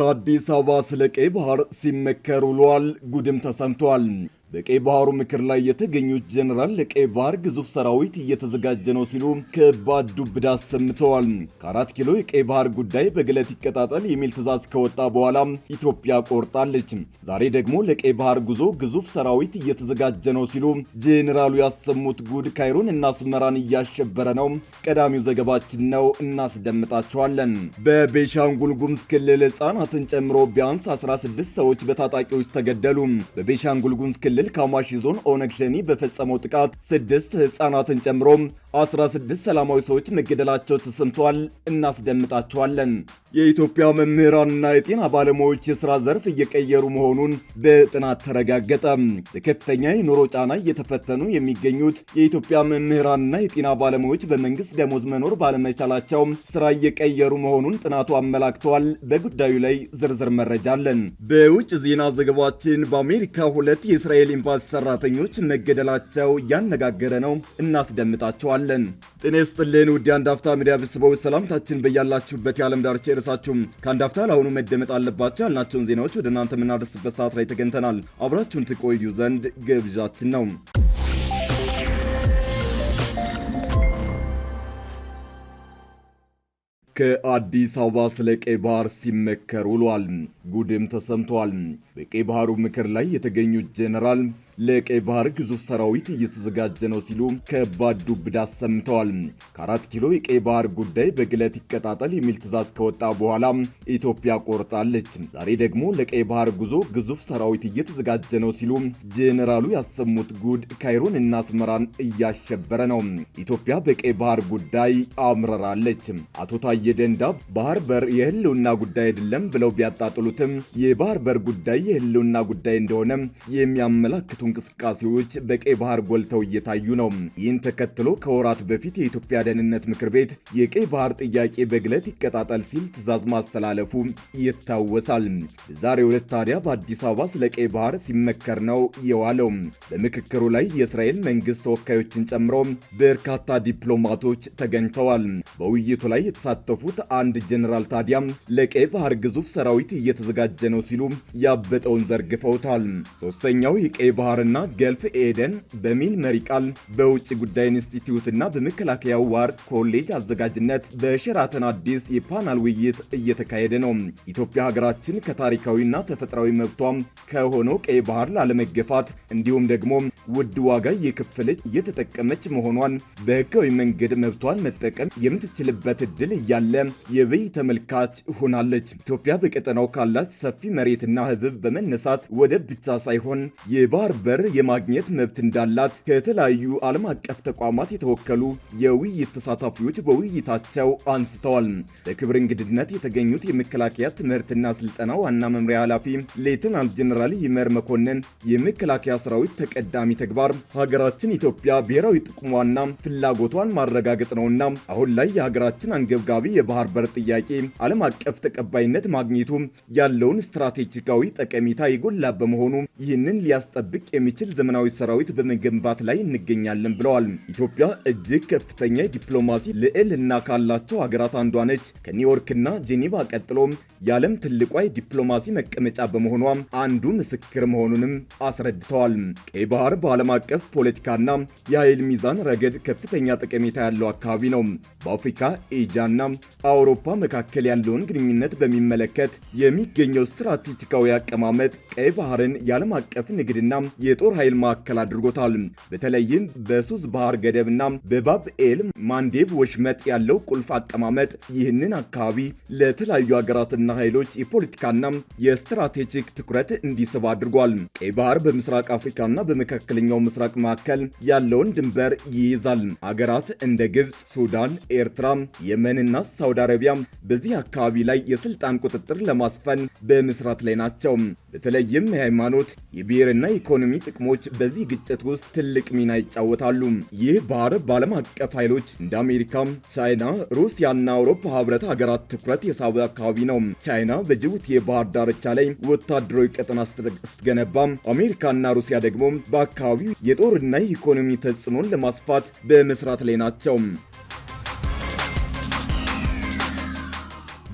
በአዲስ አበባ ስለ ቀይ ባህር ሲመከር ውሏል። ጉድም ተሰምቷል። በቀይ ባህሩ ምክር ላይ የተገኙት ጀነራል ለቀይ ባህር ግዙፍ ሰራዊት እየተዘጋጀ ነው ሲሉ ከባድ ዱብዳ አሰምተዋል። ከአራት ኪሎ የቀይ ባህር ጉዳይ በግለት ይቀጣጠል የሚል ትዕዛዝ ከወጣ በኋላ ኢትዮጵያ ቆርጣለች። ዛሬ ደግሞ ለቀይ ባህር ጉዞ ግዙፍ ሰራዊት እየተዘጋጀ ነው ሲሉ ጀነራሉ ያሰሙት ጉድ ካይሮን እና አስመራን እያሸበረ ነው። ቀዳሚው ዘገባችን ነው፣ እናስደምጣቸዋለን። በቤሻንጉል ጉሙዝ ክልል ሕጻናትን ጨምሮ ቢያንስ 16 ሰዎች በታጣቂዎች ተገደሉ። በቤሻንጉል ጉሙዝ ክልል ክልል ካማሺ ዞን ኦነግ ሸኒ በፈጸመው ጥቃት ስድስት ህጻናትን ጨምሮ 16 ሰላማዊ ሰዎች መገደላቸው ተሰምተዋል። እናስደምጣቸዋለን። የኢትዮጵያ መምህራንና የጤና ባለሙያዎች የሥራ ዘርፍ እየቀየሩ መሆኑን በጥናት ተረጋገጠ። በከፍተኛ የኑሮ ጫና እየተፈተኑ የሚገኙት የኢትዮጵያ መምህራንና የጤና ባለሙያዎች በመንግሥት ደሞዝ መኖር ባለመቻላቸው ሥራ እየቀየሩ መሆኑን ጥናቱ አመላክተዋል። በጉዳዩ ላይ ዝርዝር መረጃ አለን። በውጭ ዜና ዘገባችን በአሜሪካ ሁለት የእስራኤል ኤምባሲ ሠራተኞች መገደላቸው እያነጋገረ ነው። እናስደምጣቸዋለን። እንገኛለን። ጤና ይስጥልን ውድ አንዳፍታ አፍታ ሚዲያ ቤተሰቦች ሰላምታችን በያላችሁበት የዓለም ዳርቻ ይድረሳችሁም። ከአንዳፍታ ለአሁኑ መደመጥ አለባቸው ያልናቸውን ዜናዎች ወደ እናንተ የምናደርስበት ሰዓት ላይ ተገኝተናል። አብራችሁን ትቆዩ ዘንድ ግብዣችን ነው። ከአዲስ አበባ ስለ ቀይ ባህር ሲመከር ውሏል። ጉድም ተሰምቷል። በቀይ ባህሩ ምክር ላይ የተገኙት ጄኔራል ለቀይ ባህር ግዙፍ ሰራዊት እየተዘጋጀ ነው ሲሉ ከባድ ዱብዳ ሰምተዋል። ከአራት ኪሎ የቀይ ባህር ጉዳይ በግለት ይቀጣጠል የሚል ትዕዛዝ ከወጣ በኋላ ኢትዮጵያ ቆርጣለች። ዛሬ ደግሞ ለቀይ ባህር ጉዞ ግዙፍ ሰራዊት እየተዘጋጀ ነው ሲሉ ጄኔራሉ ያሰሙት ጉድ ካይሮን እና አስመራን እያሸበረ ነው። ኢትዮጵያ በቀይ ባህር ጉዳይ አምረራለች። አቶ ታዬ ደንዳ ባህር በር የህልውና ጉዳይ አይደለም ብለው ቢያጣጥሉትም የባህር በር ጉዳይ የህልውና ጉዳይ እንደሆነ የሚያመላክቱ እንቅስቃሴዎች በቀይ ባህር ጎልተው እየታዩ ነው። ይህን ተከትሎ ከወራት በፊት የኢትዮጵያ ደህንነት ምክር ቤት የቀይ ባህር ጥያቄ በግለት ይቀጣጠል ሲል ትዕዛዝ ማስተላለፉ ይታወሳል። ዛሬ ሁለት ታዲያ በአዲስ አበባ ስለ ቀይ ባህር ሲመከር ነው የዋለው። በምክክሩ ላይ የእስራኤል መንግስት ተወካዮችን ጨምሮ በርካታ ዲፕሎማቶች ተገኝተዋል። በውይይቱ ላይ የተሳተፉት አንድ ጀኔራል ታዲያም ለቀይ ባህር ግዙፍ ሰራዊት እየተዘጋጀ ነው ሲሉ ያበጠውን ዘርግፈውታል። ሶስተኛው የቀይ ባህር ምህዋርና ገልፍ ኤደን በሚል መሪ ቃል በውጭ ጉዳይ ኢንስቲትዩትና በመከላከያ ዋር ኮሌጅ አዘጋጅነት በሸራተን አዲስ የፓናል ውይይት እየተካሄደ ነው። ኢትዮጵያ ሀገራችን ከታሪካዊና ተፈጥሯዊ መብቷም ከሆነው ቀይ ባህር ላለመገፋት እንዲሁም ደግሞ ውድ ዋጋ እየከፈለች እየተጠቀመች መሆኗን በህጋዊ መንገድ መብቷን መጠቀም የምትችልበት እድል እያለ የበይ ተመልካች ሆናለች። ኢትዮጵያ በቀጠናው ካላት ሰፊ መሬትና ህዝብ በመነሳት ወደብ ብቻ ሳይሆን የባህር በር የማግኘት መብት እንዳላት ከተለያዩ ዓለም አቀፍ ተቋማት የተወከሉ የውይይት ተሳታፊዎች በውይይታቸው አንስተዋል። በክብር እንግድነት የተገኙት የመከላከያ ትምህርትና ስልጠና ዋና መምሪያ ኃላፊ ሌትናንት ጀነራል ይመር መኮንን የመከላከያ ሰራዊት ተቀዳሚ ተግባር ሀገራችን ኢትዮጵያ ብሔራዊ ጥቅሟና ፍላጎቷን ማረጋገጥ ነውና አሁን ላይ የሀገራችን አንገብጋቢ የባህር በር ጥያቄ ዓለም አቀፍ ተቀባይነት ማግኘቱ ያለውን ስትራቴጂካዊ ጠቀሜታ የጎላ በመሆኑ ይህንን ሊያስጠብቅ የሚችል ዘመናዊ ሰራዊት በመገንባት ላይ እንገኛለን ብለዋል። ኢትዮጵያ እጅግ ከፍተኛ ዲፕሎማሲ ልዕልና ካላቸው ሀገራት አንዷ ነች። ከኒውዮርክና ጄኔቫ ቀጥሎም የዓለም ትልቋ የዲፕሎማሲ መቀመጫ በመሆኗ አንዱ ምስክር መሆኑንም አስረድተዋል። ቀይ ባህር በዓለም አቀፍ ፖለቲካና የኃይል ሚዛን ረገድ ከፍተኛ ጠቀሜታ ያለው አካባቢ ነው። በአፍሪካ ኤጃና አውሮፓ መካከል ያለውን ግንኙነት በሚመለከት የሚገኘው ስትራቴጂካዊ አቀማመጥ ቀይ ባህርን የዓለም አቀፍ ንግድና የጦር ኃይል ማዕከል አድርጎታል። በተለይም በሱዝ ባህር ገደብና ኤል ማንዴብ ወሽመጥ ያለው ቁልፍ አቀማመጥ ይህንን አካባቢ ለተለያዩ ሀገራትና ኃይሎች የፖለቲካና የስትራቴጂክ ትኩረት እንዲስብ አድርጓል። ቀይ ባህር በምስራቅ አፍሪካና በመካከለኛው ምስራቅ መካከል ያለውን ድንበር ይይዛል። አገራት እንደ ግብፅ፣ ሱዳን፣ ኤርትራ፣ የመንና ሳውዲ አረቢያ በዚህ አካባቢ ላይ የስልጣን ቁጥጥር ለማስፈን በመስራት ላይ ናቸው። በተለይም የሃይማኖት የብሔርና ኢኮኖሚ የኢኮኖሚ ጥቅሞች በዚህ ግጭት ውስጥ ትልቅ ሚና ይጫወታሉ። ይህ ባህር በዓለም አቀፍ ኃይሎች እንደ አሜሪካ፣ ቻይና፣ ሩሲያና አውሮፓ ህብረት ሀገራት ትኩረት የሳበ አካባቢ ነው። ቻይና በጅቡቲ የባህር ዳርቻ ላይ ወታደራዊ ቀጠና ስትገነባ፣ አሜሪካና ሩሲያ ደግሞ በአካባቢው የጦርና የኢኮኖሚ ተጽዕኖን ለማስፋት በመስራት ላይ ናቸው።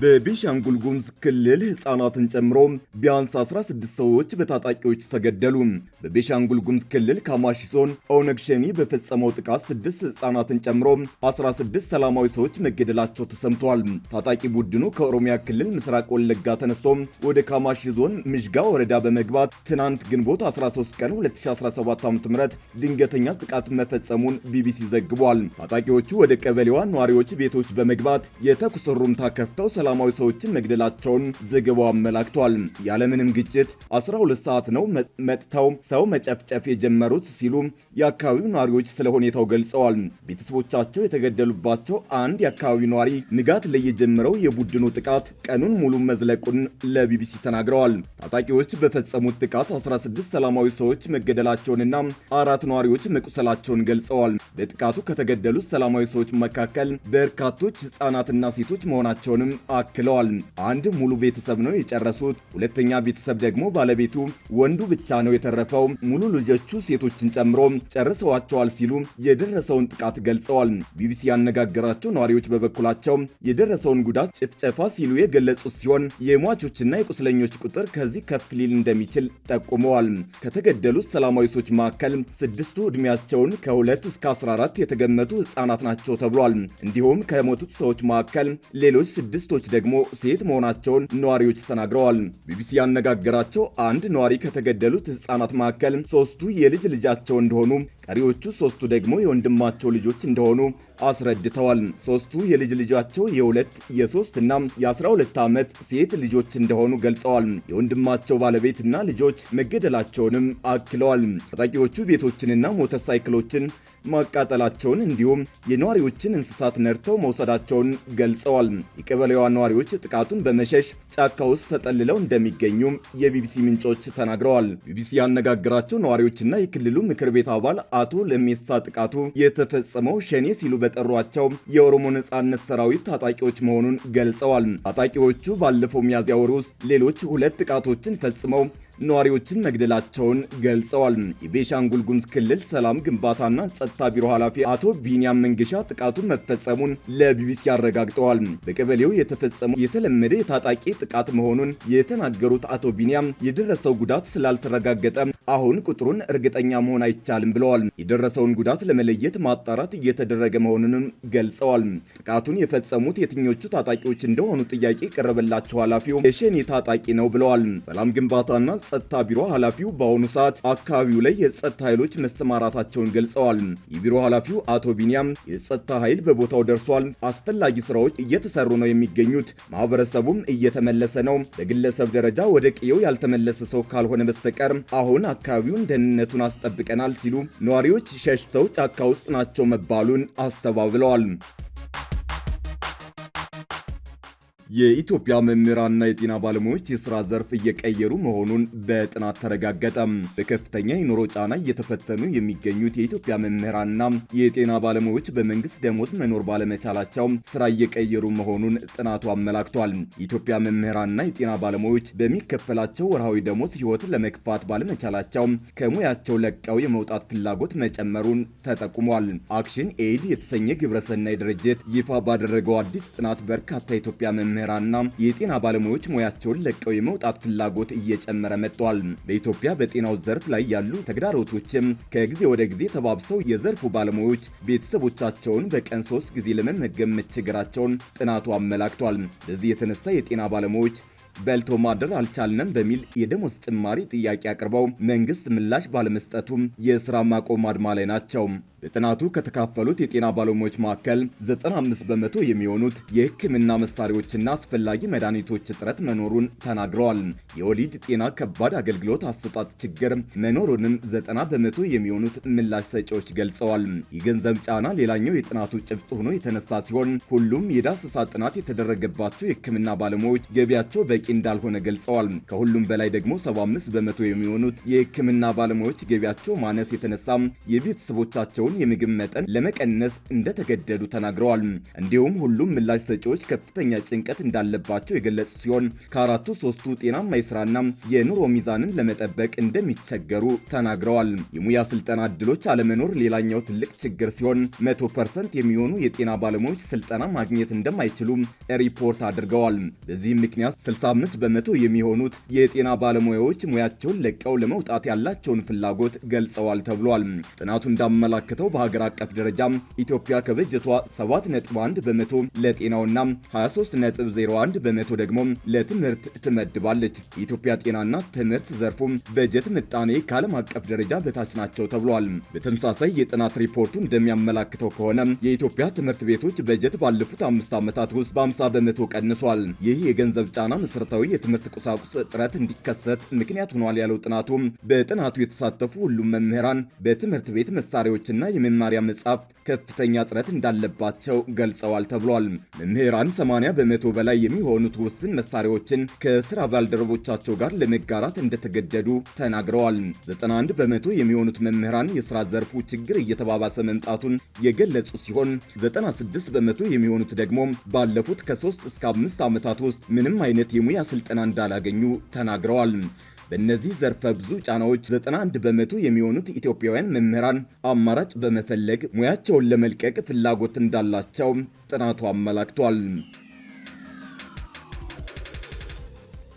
በቤኒሻንጉል ጉሙዝ ክልል ህፃናትን ጨምሮ ቢያንስ 16 ሰዎች በታጣቂዎች ተገደሉ። በቤኒሻንጉል ጉሙዝ ክልል ካማሺ ዞን ኦነግ ሸኒ በፈጸመው ጥቃት ስድስት ህፃናትን ጨምሮ 16 ሰላማዊ ሰዎች መገደላቸው ተሰምተዋል። ታጣቂ ቡድኑ ከኦሮሚያ ክልል ምስራቅ ወለጋ ተነስቶ ወደ ካማሺ ዞን ምዥጋ ወረዳ በመግባት ትናንት ግንቦት 13 ቀን 2017 ዓ.ም ድንገተኛ ጥቃት መፈጸሙን ቢቢሲ ዘግቧል። ታጣቂዎቹ ወደ ቀበሌዋ ነዋሪዎች ቤቶች በመግባት የተኩስ ሩምታ ከፍተው ሰላም ሰላማዊ ሰዎችን መግደላቸውን ዘገባው አመላክቷል። ያለምንም ግጭት 12 ሰዓት ነው መጥተው ሰው መጨፍጨፍ የጀመሩት ሲሉ የአካባቢው ነዋሪዎች ስለ ሁኔታው ገልጸዋል። ቤተሰቦቻቸው የተገደሉባቸው አንድ የአካባቢው ነዋሪ ንጋት ላይ የጀመረው የቡድኑ ጥቃት ቀኑን ሙሉ መዝለቁን ለቢቢሲ ተናግረዋል። ታጣቂዎች በፈጸሙት ጥቃት 16 ሰላማዊ ሰዎች መገደላቸውንና አራት ነዋሪዎች መቁሰላቸውን ገልጸዋል። በጥቃቱ ከተገደሉት ሰላማዊ ሰዎች መካከል በርካቶች ህጻናትና ሴቶች መሆናቸውንም አክለዋል። አንድ ሙሉ ቤተሰብ ነው የጨረሱት። ሁለተኛ ቤተሰብ ደግሞ ባለቤቱ ወንዱ ብቻ ነው የተረፈው። ሙሉ ልጆቹ ሴቶችን ጨምሮ ጨርሰዋቸዋል ሲሉ የደረሰውን ጥቃት ገልጸዋል። ቢቢሲ ያነጋገራቸው ነዋሪዎች በበኩላቸው የደረሰውን ጉዳት ጭፍጨፋ ሲሉ የገለጹት ሲሆን የሟቾችና የቁስለኞች ቁጥር ከዚህ ከፍ ሊል እንደሚችል ጠቁመዋል። ከተገደሉት ሰላማዊ ሰዎች መካከል ስድስቱ ዕድሜያቸውን ከ2 እስከ 14 የተገመቱ ሕጻናት ናቸው ተብሏል። እንዲሁም ከሞቱት ሰዎች መካከል ሌሎች ስድስቶች ሌሎች ደግሞ ሴት መሆናቸውን ነዋሪዎች ተናግረዋል። ቢቢሲ ያነጋገራቸው አንድ ነዋሪ ከተገደሉት ህጻናት መካከል ሶስቱ የልጅ ልጃቸው እንደሆኑ፣ ቀሪዎቹ ሶስቱ ደግሞ የወንድማቸው ልጆች እንደሆኑ አስረድተዋል። ሶስቱ የልጅ ልጃቸው የሁለት የሶስት እና የ12 ዓመት ሴት ልጆች እንደሆኑ ገልጸዋል። የወንድማቸው ባለቤትና ልጆች መገደላቸውንም አክለዋል። ታጣቂዎቹ ቤቶችንና ሞተር ሳይክሎችን ማቃጠላቸውን እንዲሁም የነዋሪዎችን እንስሳት ነድተው መውሰዳቸውን ገልጸዋል። የቀበሌዋ ነዋሪዎች ጥቃቱን በመሸሽ ጫካ ውስጥ ተጠልለው እንደሚገኙም የቢቢሲ ምንጮች ተናግረዋል። ቢቢሲ ያነጋገራቸው ነዋሪዎችና የክልሉ ምክር ቤት አባል አቶ ለሜሳ ጥቃቱ የተፈጸመው ሸኔ ሲሉ በ። የጠሯቸው የኦሮሞ ነጻነት ሰራዊት ታጣቂዎች መሆኑን ገልጸዋል። ታጣቂዎቹ ባለፈው ሚያዝያ ወር ውስጥ ሌሎች ሁለት ጥቃቶችን ፈጽመው ነዋሪዎችን መግደላቸውን ገልጸዋል። የቤሻንጉል ጉምዝ ክልል ሰላም ግንባታና ጸጥታ ቢሮ ኃላፊ አቶ ቢኒያም መንገሻ ጥቃቱ መፈጸሙን ለቢቢሲ አረጋግጠዋል። በቀበሌው የተፈጸመው የተለመደ የታጣቂ ጥቃት መሆኑን የተናገሩት አቶ ቢኒያም የደረሰው ጉዳት ስላልተረጋገጠ አሁን ቁጥሩን እርግጠኛ መሆን አይቻልም ብለዋል። የደረሰውን ጉዳት ለመለየት ማጣራት እየተደረገ መሆኑንም ገልጸዋል። ጥቃቱን የፈጸሙት የትኞቹ ታጣቂዎች እንደሆኑ ጥያቄ ቀረበላቸው ኃላፊው የሸኔ ታጣቂ ነው ብለዋል። ሰላም ግንባታና ጸጥታ ቢሮ ኃላፊው በአሁኑ ሰዓት አካባቢው ላይ የጸጥታ ኃይሎች መሰማራታቸውን ገልጸዋል። የቢሮ ኃላፊው አቶ ቢኒያም የጸጥታ ኃይል በቦታው ደርሷል፣ አስፈላጊ ስራዎች እየተሰሩ ነው የሚገኙት፣ ማህበረሰቡም እየተመለሰ ነው። በግለሰብ ደረጃ ወደ ቅየው ያልተመለሰ ሰው ካልሆነ በስተቀር አሁን አካባቢውን ደህንነቱን አስጠብቀናል ሲሉ ነዋሪዎች ሸሽተው ጫካ ውስጥ ናቸው መባሉን አስተባብለዋል። የኢትዮጵያ መምህራንና የጤና ባለሙያዎች የስራ ዘርፍ እየቀየሩ መሆኑን በጥናት ተረጋገጠም። በከፍተኛ የኑሮ ጫና እየተፈተኑ የሚገኙት የኢትዮጵያ መምህራንና የጤና ባለሙያዎች በመንግስት ደሞዝ መኖር ባለመቻላቸው ስራ እየቀየሩ መሆኑን ጥናቱ አመላክቷል። የኢትዮጵያ መምህራንና የጤና ባለሙያዎች በሚከፈላቸው ወርሃዊ ደሞዝ ህይወትን ለመግፋት ባለመቻላቸው ከሙያቸው ለቀው የመውጣት ፍላጎት መጨመሩን ተጠቁሟል። አክሽን ኤድ የተሰኘ ግብረሰናይ ድርጅት ይፋ ባደረገው አዲስ ጥናት በርካታ የኢትዮጵያ መምህራን መምህራንና የጤና ባለሙያዎች ሙያቸውን ለቀው የመውጣት ፍላጎት እየጨመረ መጥቷል። በኢትዮጵያ በጤናው ዘርፍ ላይ ያሉ ተግዳሮቶችም ከጊዜ ወደ ጊዜ ተባብሰው የዘርፉ ባለሙያዎች ቤተሰቦቻቸውን በቀን ሶስት ጊዜ ለመመገብ መቸገራቸውን ጥናቱ አመላክቷል። በዚህ የተነሳ የጤና ባለሙያዎች በልቶ ማደር አልቻልንም በሚል የደሞዝ ጭማሪ ጥያቄ አቅርበው መንግስት ምላሽ ባለመስጠቱም የስራ ማቆም አድማ ላይ ናቸው። በጥናቱ ከተካፈሉት የጤና ባለሙያዎች መካከል 95 በመቶ የሚሆኑት የሕክምና መሳሪያዎችና አስፈላጊ መድኃኒቶች እጥረት መኖሩን ተናግረዋል። የወሊድ ጤና ከባድ አገልግሎት አሰጣጥ ችግር መኖሩንም 90 በመቶ የሚሆኑት ምላሽ ሰጪዎች ገልጸዋል። የገንዘብ ጫና ሌላኛው የጥናቱ ጭብጥ ሆኖ የተነሳ ሲሆን ሁሉም የዳሰሳ ጥናት የተደረገባቸው የሕክምና ባለሙያዎች ገቢያቸው በቂ እንዳልሆነ ገልጸዋል። ከሁሉም በላይ ደግሞ 75 በመቶ የሚሆኑት የሕክምና ባለሙያዎች ገቢያቸው ማነስ የተነሳም የቤተሰቦቻቸውን ያለውን የምግብ መጠን ለመቀነስ እንደተገደዱ ተናግረዋል። እንዲሁም ሁሉም ምላሽ ሰጪዎች ከፍተኛ ጭንቀት እንዳለባቸው የገለጹ ሲሆን ከአራቱ ሶስቱ ጤናማ የስራና የኑሮ ሚዛንን ለመጠበቅ እንደሚቸገሩ ተናግረዋል። የሙያ ስልጠና እድሎች አለመኖር ሌላኛው ትልቅ ችግር ሲሆን መቶ ፐርሰንት የሚሆኑ የጤና ባለሙያዎች ስልጠና ማግኘት እንደማይችሉ ሪፖርት አድርገዋል። በዚህም ምክንያት 65 በመቶ የሚሆኑት የጤና ባለሙያዎች ሙያቸውን ለቀው ለመውጣት ያላቸውን ፍላጎት ገልጸዋል ተብሏል። ጥናቱ እንዳመላከተው አመላክተው በሀገር አቀፍ ደረጃም ኢትዮጵያ ከበጀቷ 7.1 በመቶ ለጤናውና 23.01 በመቶ ደግሞ ለትምህርት ትመድባለች። የኢትዮጵያ ጤናና ትምህርት ዘርፉ በጀት ምጣኔ ከዓለም አቀፍ ደረጃ በታች ናቸው ተብሏል። በተመሳሳይ የጥናት ሪፖርቱ እንደሚያመላክተው ከሆነ የኢትዮጵያ ትምህርት ቤቶች በጀት ባለፉት አምስት ዓመታት ውስጥ በ50 በመቶ ቀንሷል። ይህ የገንዘብ ጫና መሠረታዊ የትምህርት ቁሳቁስ እጥረት እንዲከሰት ምክንያት ሆኗል ያለው ጥናቱ በጥናቱ የተሳተፉ ሁሉም መምህራን በትምህርት ቤት መሳሪያዎችና የመማሪያ መጽሐፍት ከፍተኛ ጥረት እንዳለባቸው ገልጸዋል ተብሏል። መምህራን 80 በመቶ በላይ የሚሆኑት ውስን መሳሪያዎችን ከስራ ባልደረቦቻቸው ጋር ለመጋራት እንደተገደዱ ተናግረዋል። 91 በመቶ የሚሆኑት መምህራን የስራ ዘርፉ ችግር እየተባባሰ መምጣቱን የገለጹ ሲሆን 96 በመቶ የሚሆኑት ደግሞ ባለፉት ከ3 እስከ 5 ዓመታት ውስጥ ምንም አይነት የሙያ ስልጠና እንዳላገኙ ተናግረዋል። በእነዚህ ዘርፈ ብዙ ጫናዎች 91 በመቶ የሚሆኑት ኢትዮጵያውያን መምህራን አማራጭ በመፈለግ ሙያቸውን ለመልቀቅ ፍላጎት እንዳላቸው ጥናቱ አመላክቷል።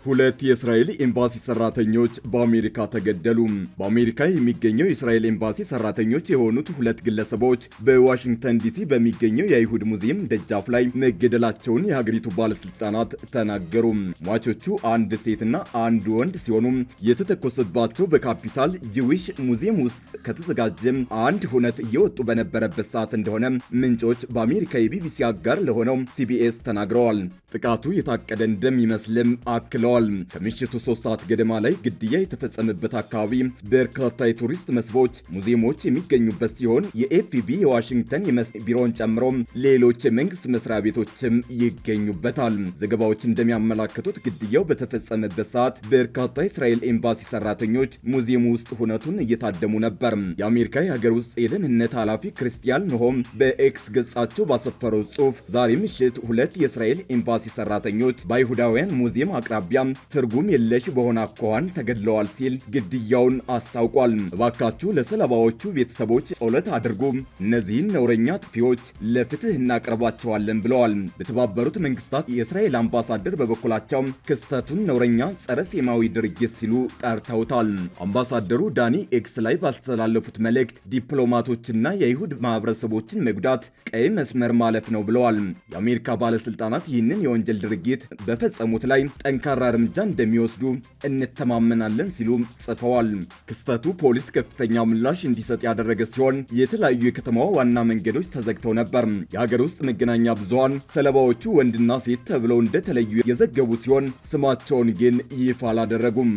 ሁለት የእስራኤል ኤምባሲ ሰራተኞች በአሜሪካ ተገደሉ። በአሜሪካ የሚገኘው የእስራኤል ኤምባሲ ሰራተኞች የሆኑት ሁለት ግለሰቦች በዋሽንግተን ዲሲ በሚገኘው የአይሁድ ሙዚየም ደጃፍ ላይ መገደላቸውን የሀገሪቱ ባለስልጣናት ተናገሩ። ሟቾቹ አንድ ሴትና አንድ ወንድ ሲሆኑ የተተኮሰባቸው በካፒታል ጂዊሽ ሙዚየም ውስጥ ከተዘጋጀም አንድ ሁነት እየወጡ በነበረበት ሰዓት እንደሆነ ምንጮች በአሜሪካ የቢቢሲ አጋር ለሆነው ሲቢኤስ ተናግረዋል። ጥቃቱ የታቀደ እንደሚመስልም አክለዋል። ተናግረዋል። ከምሽቱ ሶስት ሰዓት ገደማ ላይ ግድያ የተፈጸመበት አካባቢ በርካታ የቱሪስት መስህቦች፣ ሙዚየሞች የሚገኙበት ሲሆን የኤፍቢ የዋሽንግተን ቢሮን ጨምሮ ሌሎች የመንግስት መስሪያ ቤቶችም ይገኙበታል። ዘገባዎች እንደሚያመላክቱት ግድያው በተፈጸመበት ሰዓት በርካታ የእስራኤል ኤምባሲ ሰራተኞች ሙዚየሙ ውስጥ ሁነቱን እየታደሙ ነበር። የአሜሪካ የሀገር ውስጥ የደህንነት ኃላፊ ክርስቲያን ኖሆም በኤክስ ገጻቸው ባሰፈረው ጽሑፍ ዛሬ ምሽት ሁለት የእስራኤል ኤምባሲ ሰራተኞች በአይሁዳውያን ሙዚየም አቅራቢያ ትርጉም የለሽ በሆነ አኳኋን ተገድለዋል ሲል ግድያውን አስታውቋል። እባካችሁ ለሰለባዎቹ ቤተሰቦች ጸሎት አድርጉ፣ እነዚህን ነውረኛ ጥፊዎች ለፍትህ እናቀርባቸዋለን ብለዋል። በተባበሩት መንግስታት የእስራኤል አምባሳደር በበኩላቸው ክስተቱን ነውረኛ ጸረ ሴማዊ ድርጊት ሲሉ ጠርተውታል። አምባሳደሩ ዳኒ ኤክስ ላይ ባስተላለፉት መልእክት ዲፕሎማቶችና የይሁድ ማህበረሰቦችን መጉዳት ቀይ መስመር ማለፍ ነው ብለዋል። የአሜሪካ ባለስልጣናት ይህንን የወንጀል ድርጊት በፈጸሙት ላይ ጠንካራ እርምጃ እንደሚወስዱ እንተማመናለን ሲሉ ጽፈዋል። ክስተቱ ፖሊስ ከፍተኛ ምላሽ እንዲሰጥ ያደረገ ሲሆን የተለያዩ የከተማዋ ዋና መንገዶች ተዘግተው ነበር። የሀገር ውስጥ መገናኛ ብዙሃን ሰለባዎቹ ወንድና ሴት ተብለው እንደተለዩ የዘገቡ ሲሆን ስማቸውን ግን ይፋ አላደረጉም።